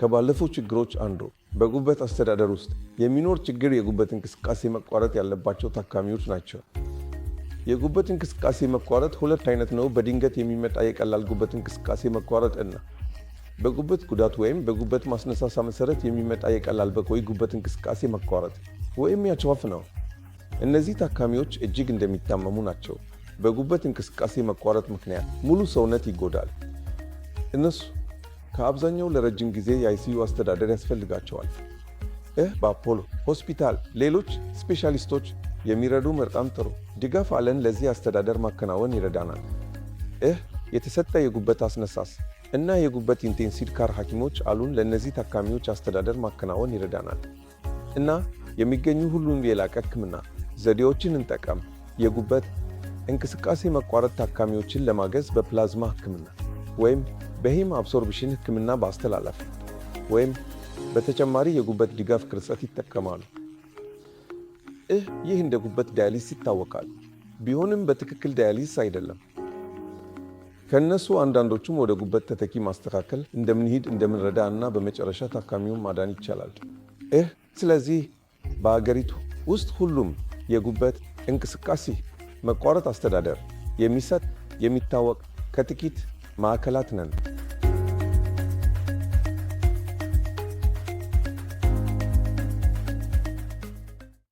ከባለፉ ችግሮች አንዱ በጉበት አስተዳደር ውስጥ የሚኖር ችግር የጉበት እንቅስቃሴ መቋረጥ ያለባቸው ታካሚዎች ናቸው። የጉበት እንቅስቃሴ መቋረጥ ሁለት አይነት ነው፤ በድንገት የሚመጣ የቀላል ጉበት እንቅስቃሴ መቋረጥ እና በጉበት ጉዳት ወይም በጉበት ማስነሳሳ መሰረት የሚመጣ የቀላል በቆይ ጉበት እንቅስቃሴ መቋረጥ ወይም ያቸዋፍ ነው። እነዚህ ታካሚዎች እጅግ እንደሚታመሙ ናቸው። በጉበት እንቅስቃሴ መቋረጥ ምክንያት ሙሉ ሰውነት ይጎዳል። እነሱ ከአብዛኛው ለረጅም ጊዜ የአይሲዩ አስተዳደር ያስፈልጋቸዋል። ይህ በአፖሎ ሆስፒታል ሌሎች ስፔሻሊስቶች የሚረዱ በጣም ጥሩ ድጋፍ አለን። ለዚህ አስተዳደር ማከናወን ይረዳናል። ይህ የተሰጠ የጉበት አስነሳስ እና የጉበት ኢንቴንሲድ ካር ሐኪሞች አሉን። ለእነዚህ ታካሚዎች አስተዳደር ማከናወን ይረዳናል እና የሚገኙ ሁሉም የላቀ ሕክምና ዘዴዎችን እንጠቀም። የጉበት እንቅስቃሴ መቋረጥ ታካሚዎችን ለማገዝ በፕላዝማ ሕክምና ወይም በሂም አብሶርብሽን ህክምና በአስተላለፍ ወይም በተጨማሪ የጉበት ድጋፍ ቅርጸት ይጠቀማሉ። ይህ ይህ እንደ ጉበት ዳያሊስ ይታወቃል። ቢሆንም በትክክል ዳያሊስ አይደለም። ከእነሱ አንዳንዶቹም ወደ ጉበት ተተኪ ማስተካከል እንደምንሄድ እንደምንረዳ እና በመጨረሻ ታካሚውን ማዳን ይቻላል። እህ ስለዚህ በሀገሪቱ ውስጥ ሁሉም የጉበት እንቅስቃሴ መቋረጥ አስተዳደር የሚሰጥ የሚታወቅ ከጥቂት ማዕከላት ነን